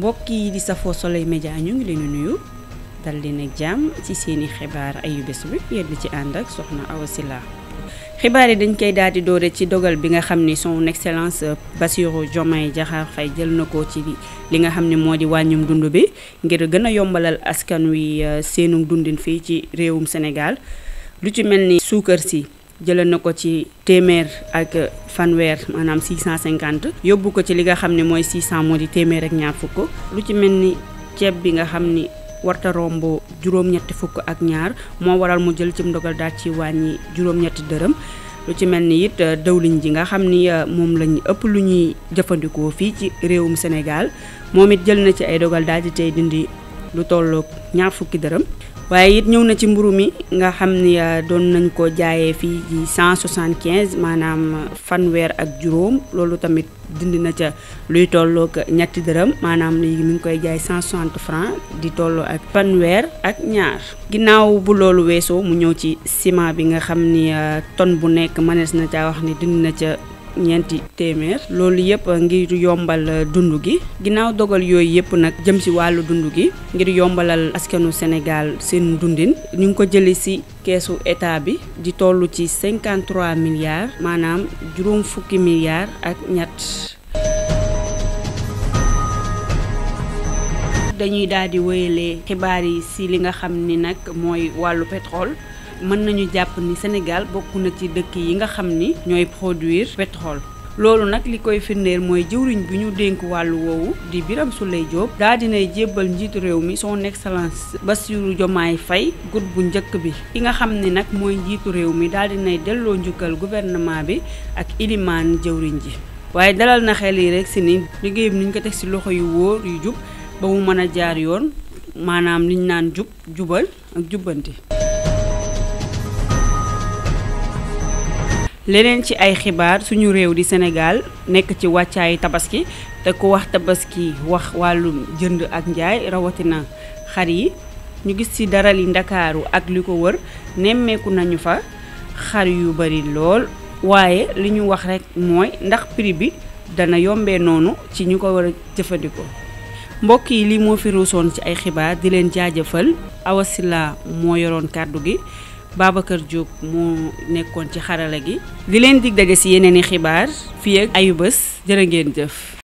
mbokk yi di safoo Soleil Média ñu ngi leen nuyu dal leen ak jàmm ci seeni xibaar ayu bi yéen ci ànd ak soxna Awa xibaar yi dañ koy daal di doore ci dogal bi nga xam ni son excellence Bassirou Diomaye Diakhar Faye jël na ko ci li nga xam ne moo di wàññum dund bi ngir gën a yombalal askan wi euh, seenu dundin fii ci réewum Sénégal lu ci mel ni suukar si jëlee na ko ci téeméer ak fanweer maanaam cinquante yóbbu ko ci li nga xam ne mooy 600 moo di téeméer ak ñaar fukk lu ci mel ni ceeb bi nga xam ni warta rombo juróom-ñetti fukk ak ñaar moo waral mu jël ci ndogal daal ci wàññi juróom-ñetti dërëm lu ci mel ni it euh, dëwlin ji nga xam ni euh, moom lañ ëpp lu ñuy jëfandikoo fii ci réewum Sénégal moom it jël na ci ay dogal daal di tey dindi lu tolloog ñaar fukki dërëm waaye it ñëw na ci mburu mi nga xam ni euh, doon nañ ko jaayee fii ci 175 maanaam fanweer ak juróom loolu tamit dindi na ca luy tolloog ñetti dërëm maanaam léegi mi ngi koy jaay 160 francs di tolloo ak fanweer ak ñaar ginnaaw bu loolu weesoo mu ñëw ci ciment bi nga xam ni euh, ton bu nekk mënees na caa wax ni dindi na ca ñeenti téeméer loolu yëpp ngir yombal dund gi ginnaaw dogal yooyu yëpp nag jëm si wàllu dund gi ngir yombalal askanu Sénégal seen dundin ñu ngi ko jëlee ci keesu état bi di toll ci 53 milliards maanaam juróom fukki milliards ak ñett. dañuy daldi di xibaar yi si li nga xam ni nag mooy wàllu pétrole. mën nañu jàpp ni Sénégal bokk na ci dëkk yi nga xam ni ñooy produire pétrole. loolu nag li koy firndeel mooy jëwriñ bi ñu dénk wàllu woowu di biram Souleye Diop daa dinay jébbal njiitu réew mi soo son excellence Bassirou Diomaye Faye gut bu njëkk bi ki nga xam ni nag mooy njiitu réew mi daal nay delloo njukkal gouvernement bi ak ilimaan jëwriñ ji waaye dalal na xel yi rek si ni liggéey bi ko teg si loxo yu wóor yu jub ba mu mën a jaar yoon maanaam liñ naan jub jubal ak jubbanti leneen ci ay xibaar suñu réew di senegaal nekk ci wàccaay tabaski te ku wax tabaski wax wàllu jënd ak njaay rawatina xar yi ñu gis ci dara li ndakaaru ak li ko wër nemmeeku nañu fa xar yu bari lool waaye li ñu wax rekk mooy ndax prix bi dana yombe noonu ci ñu ko war jëfandikoo mbokk yi lii moo fi ruusoon ci ay xibaar di leen jaajëfal Awa Sylla moo yoroon kàddu gi kër Diop moo nekkoon ci xarala gi. di leen dig daje si yeneen i xibaar fii ak ayu bés jërë ngeen jëf.